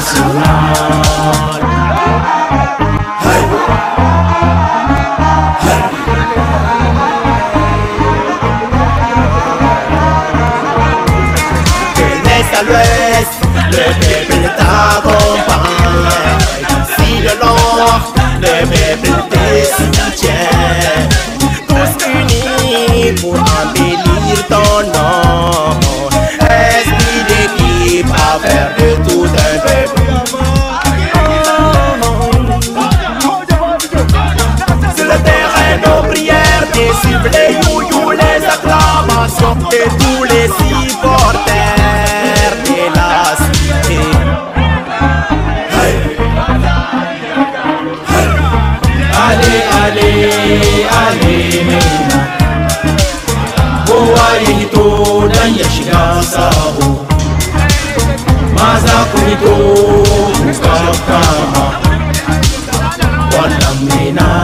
Nacional. vez le Que a Iliu les acclama, sont tous les supporters de la Hey. Allez, allez, allez, Medina. Kowa dan ya Maza